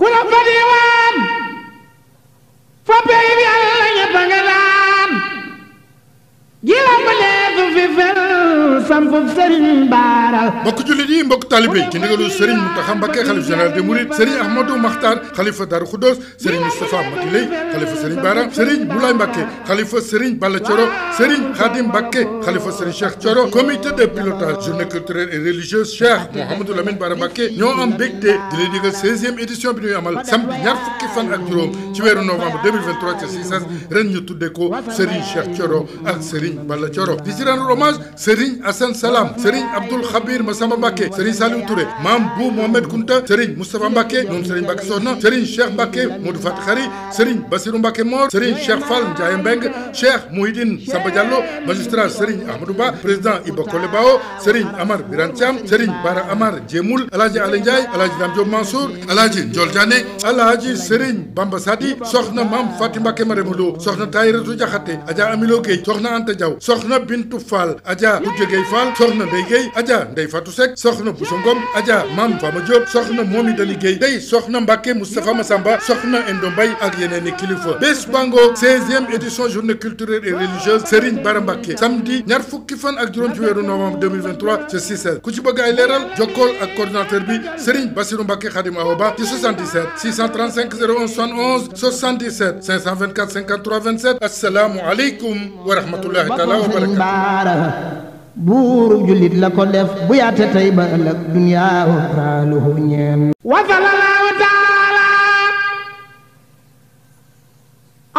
ku la sampub sëriñ baara mbokk jullit yi mbokk taalibe yi ci ndigalu sëriñ Mountakha Mbacké xalif général des mourides sëriñ Ahmadou Makhtar xalifa Darou Khoudoss sëriñ Moustapha Matiley xalifa sëriñ baara sëriñ Boulaye Mbacké xalifa sëriñ Balla Thioro sëriñ Khadim Mbacké xalifa sëriñ Cheikh de pilotage journée culturelle et religieuse Cheikh Mouhamadou Lamine Bara e édition bi ñuy amal samedi ñaar fukki fan ak juróom ci weeru novembre 2023 ca Cissas ren ñu tuddee ko a Cheikh Balla Thioro Assane Salam Serigne Abdoul Khabir Massamba Mbacké Serigne Saliou Touré Mame Bou Mohamed Kounta Serigne Moustapha Mbacké moom Serigne Mbacké Soxna Serigne Cheikh Mbacké Modou Fat Khari Serigne Bassirou Mbacké Mor Serigne Cheikh Fall Ndiaye Mbeng Cheikh Mouhidine Samba Diallo magistrat Serigne Ahmadou Ba président Iba Kole Bao Serigne Amar Birane Thiam Bara Amar Djemoul Alhaji Ali Ndiaye Alhaji Dame Diop Mansour Alhaji Ndiol Diané Alhaji Serigne Bamba Soxna Mame Faty Mbacké Maremoulou Fall soxna Ndeye Guèye Adja Ndeye Fatou Seck soxna Bousso Ngom Adja Mame Fama Diop soxna Momi Dali Guèye day soxna Mbacke Moustapha Massamba soxna Endo Mbaye ak yeneen i kilifa bés bango 16e édition journée culturelle et religieuse Serigne Bara Mbacke samedi ñaar fukki fan ak juróom ci weeru novembre 2023 ci 6h ku ci bëgg ak coordinateur bi Serigne Bassirou Mbacke Khadim Awa Ba ci 77 635 01 71 77 524 53 27 asalaamualeykum wa rahmatullahi taala wa barakatu buurub jullit la ko def bu yaate tey ba ëllëg duniyaa raaluhu ñeen wa sallallahu taala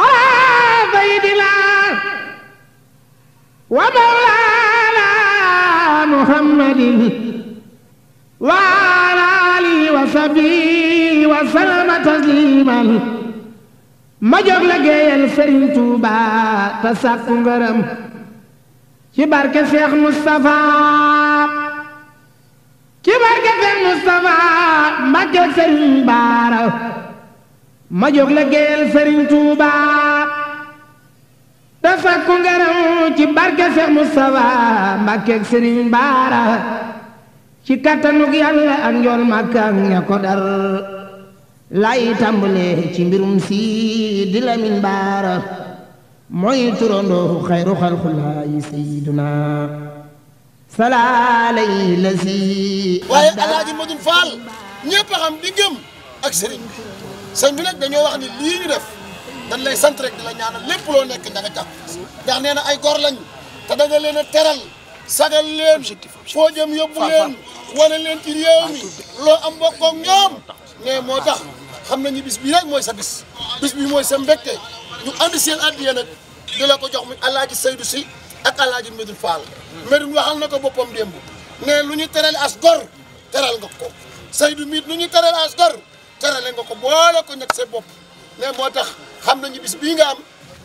ala sayyidina wa mawlana muhammadin wa ala alihi wa sahbihi wa sallama tasliman ma jóg la géeyal Sëriñ ta sàkku ci barke Cheikh Moustapha ci Sëriñ Baara ma jóg la géyal Sëriñ Tuuba te sakku ngërëm ci barke Cheikh Moustapha Mbàkke Sëriñ Baara ci kattanug Yàlla ak njool Màkka ak ña ko lay tàmbalee ci mbirum si di Lamin Baara mooy turandoo xayru xalqulaayi sayyiduna salaa alayhi la si. waaye Alaaji Modou Fall ñëpp xam di gëm ak sëriñ bi sëñ bi nag dañoo wax ni lii ñu def dañ lay sant rek di la lépp loo nekk nga nga ndax nee na ay gor lañ te danga leen a teral sagal leen foo jëm yóbbu leen wane leen ci loo am bokk ak ñoom mais moo tax xam nañu bis bi rek mooy sa bis bis mooy sa mbégte ñu andi seen addiya nag. di ko jox mu alaaji Seydou si ak alaaji Medoune Fall. Medoune waxal na ko boppam démb ne lu ñu terale as gor teral nga ko Seydou miit lu ñu terale as gor terale nga ko boole ko nekk sa bopp ne moo tax xam nañu bis bii nga am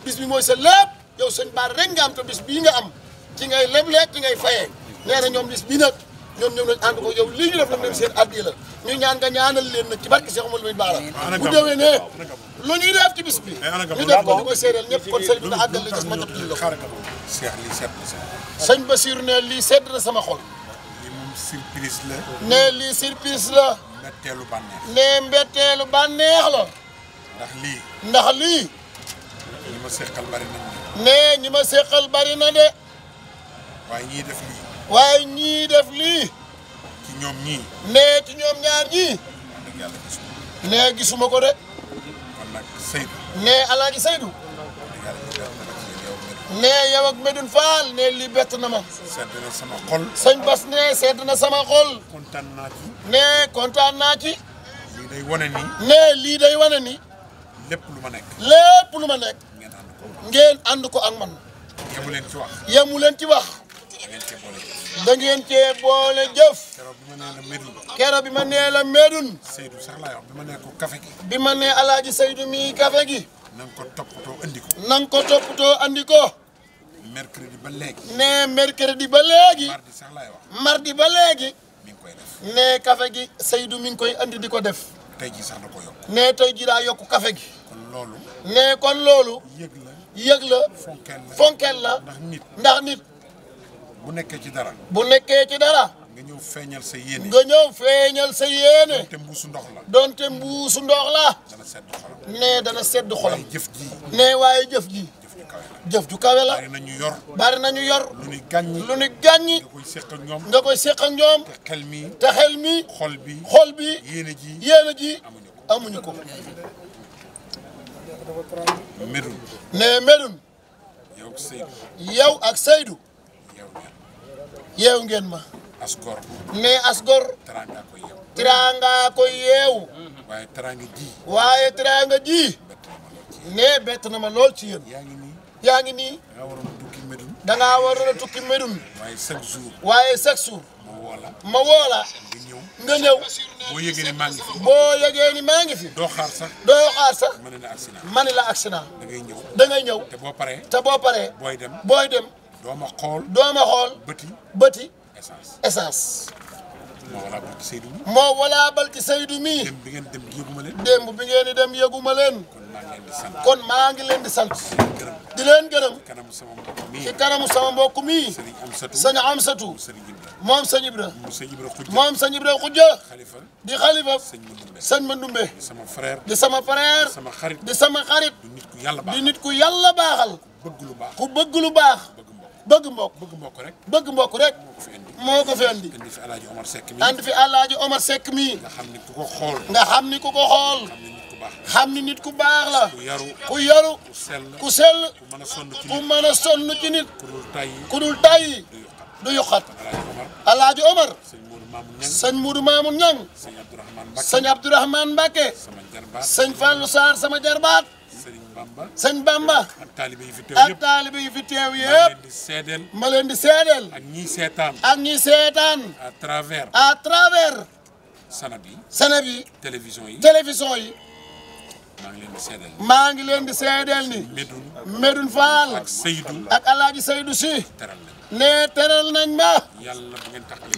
bis bi mooy sa lépp yow sëñ baar rek nga am te bis bii nga am ci ngay leble ci ngay fayee nee na ñoom bis bii nag ñoom ñoom nañ ànd ko yow lii ñu def nag même seen addi la ñu ñaan nga ñaanal leen nag ci barke Cheikh Mouhamadou Bara bu lu ñuy def bi. ñu def ko ñu koy séeréel ñëpp kon sëñ bi na àggal li gis ma jot ci loxo. Cheikh lii sedd na sama xol. sëñ Bassirou ne lii sedd sama xol. la. ne lii surprise la. mbetteelu bànneex. ne mbetteelu lii. ndax lii. ma seqal bari na. seqal bari na de. waaye ñii def lii. waaye ñii def lii. ñoom ñii. ne ci ñoom ñaar ñii. nee gisuma ko de. nag Seydou. nee Alaaji Seydou. nee yow ak Medoune Fall nee lii bett na ma. sedd na sama xol. sëñ Bas nee sedd na sama xol. kontaan nee kontaan naa ci. lii day wane ni. nee lii day wane ni. lépp lu ma nekk. lépp lu ma nekk. ngeen ànd ko ak man. yemu leen ci wax. yemu leen ci wax. da ngeen cee boole jëf. keroog bi ma nee la Médoune. keroog bi ma nee la Médoune. Seydou sax ma nee kafe gi. bi ma nee alaaji Seydou mi kafe gi. na ko toppatoo andi ko. na ko toppatoo andi ko. mercredi ba léegi. nee mercredi ba léegi. mardi sax ba leegi mi kafe gi Seydou mi ngi koy andi di ko def. tey jii sax da ko yokk. tey jii yokk kafe gi. kon loolu. nee kon loolu. yëg la yëg la. ndax nit. bu nekkee ci dara. bu nekkee ci dara. nga ñëw feeñal say yéene. nga ñëw feeñal sa yéene. mbuusu ndox la. donte mbuusu ndox la. dana sedd xolam. nee dana sedd xolam. waaye jëf ji. nee waaye jëf ji. ju kawe la. bari na ñu yor. bari na yor. lu ni gàññi. nga koy seq ak ñoom. ak ñoom. te xel mi. xol bi. xol bi. yéene ji. yéene ji. amuñu ko. Médoune. nee Médoune. yow ak Seydou. yeew ngeen ma. asgor. mais asgor. teraanga koy yeew. teraanga koy yeew. waaye teraanga nga waaye teraanga ji. nee bett na ma lool ci yéen. yaa ngi nii. yaa ngi nii. da ngaa waroon a tukki Médoune. da ngaa waroon waaye chaque jour. waaye chaque jour. ma woo ma woo nga ñëw. nga ñëw. boo yëgee ni maa fi. boo yëgee ni maa ngi fi. doo xaar sax. doo xaar sax. mën na la accident. mën na la da ngay ñëw. da ñëw. te boo paree. te boo paree. booy dem. booy dem. doo ma xool doo ma xool. bëti bëti. essence essence. moo walaabal ci Seydou mi. moo walaabal mi. bi ngeen dem yëguma leen. démb bi ngeen di dem yëguma leen. kon maa ngi leen di sant. di leen gërëm. ci kanamu sama mbokk mi. ci kanamu sama mbokk mi. sëñ Amsatu. moom sëñ Ibra. moom sëñ Ibra Xujja. di xalifa. sëñ Mandumbe. di sama frère. di sama xarit di sama xarit. di nit ku yàlla baaxal. ku bëgg lu baax. bëgg mbokk bëgg mbokk rek bëgg mbokk rek moo ko fi andi andi fi alaaji Omar Seck mi andi fi nga xam ni ku ko xool nga xam ni ko ko xool xam ni nit ku baax la ku yaru ku yaru ku sell ku sell ku mën a sonn ci nit ku dul tay ku dul tay du yuqat alaaji Omar sëñ Mourou Mamoun Niang sëñ Abdourahmane Mbacké sëñ Fallou Sarr sama jarbaat Bamba sëñ Bamba ak taalibe yi fi teew yëpp ak taalibe yi fi teew yëpp ma leen di seedeel ak ñiy seetaan ak ñiy seetaan à travers à travers sanab yi sanab yi télévision yi maa ngi leen di seedeel ni Medoune Medoune ak Seydou ak Alaaji Seydou si nee teral nañ ma.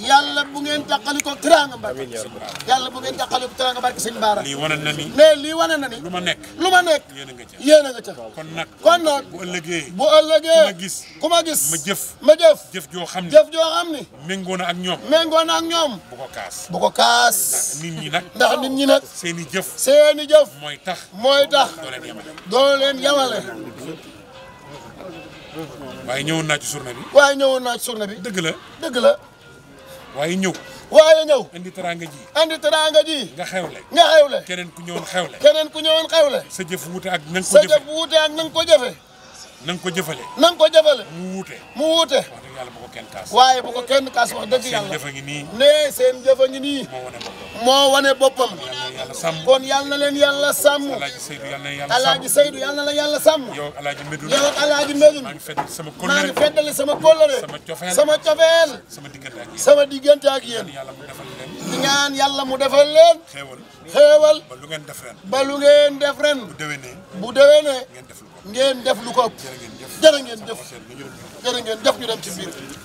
yàlla bu ngeen taqali ko yàlla bu ngeen taqali ko teraanga Mbàkke. yàlla bu ngeen taqali ko teraanga Mbàkke sëñ Baara. lii wane na ni. nee lii wane na ni. lu ma nekk lu ma nekk. yéen a nga ca yéen a nga ca. kon nag kon nag bu ëllëgee. bu ëllëgee ku ma gis. ku ma gis ma jëf. ma jëf jëf joo xam ni jëf joo xam ni. méngoo na ak ñoom. méngoo na ak ñoom. bu ko kaas bu ko kaas. nit ñi nag. ndax nit ñi nag. seen i jëf. seen i mooy tax mooy tax. doo leen yemale waaye ñëwoon naa ci journée bi. waaye ñëwoon naa ci journée bi. dëgg la dëgg la. waaye ñëw. waaye ñëw. indi teraanga ji. indi teraanga ji. nga xewle. nga xewle. keneen ku ñëwoon xewle. keneen ku ñëwoon xewle. sa jëf wuute ak na nga ko jëfe sa jëf wuute ak na nga ko jëfe na nga ko jëfale. na nga ko jëfale. mu wuute. mu wuute. wax dëgg yàlla bu ko kenn kaas. waaye bu ko kenn kaas wax dëgg yàlla. seen jëfa ngi nii. nee seen jëfa ngi nii. moo wane boppam. moo wane boppam. kon yàlla na leen yàlla sàmm. alaaji Seydou yàlla na la yàlla sàmm. yow alaaji Medoune yow alaaji Medoune. maa ngi feddali sama kóllëre maa ngi feddali sama kóllëre. sama cofeel sama cofeel. sama ak yéen sama diggante ak yàlla mu defal leen. xéewal xéewal. ba lu ngeen def ren. ba lu ngeen def ren. bu déwénee. bu déwénee. ngeen def lu ko. ngeen def lu ko. jërë ngeen jëf jërë ngeen jëf. jërë ngeen jëf ñu dem ci biir.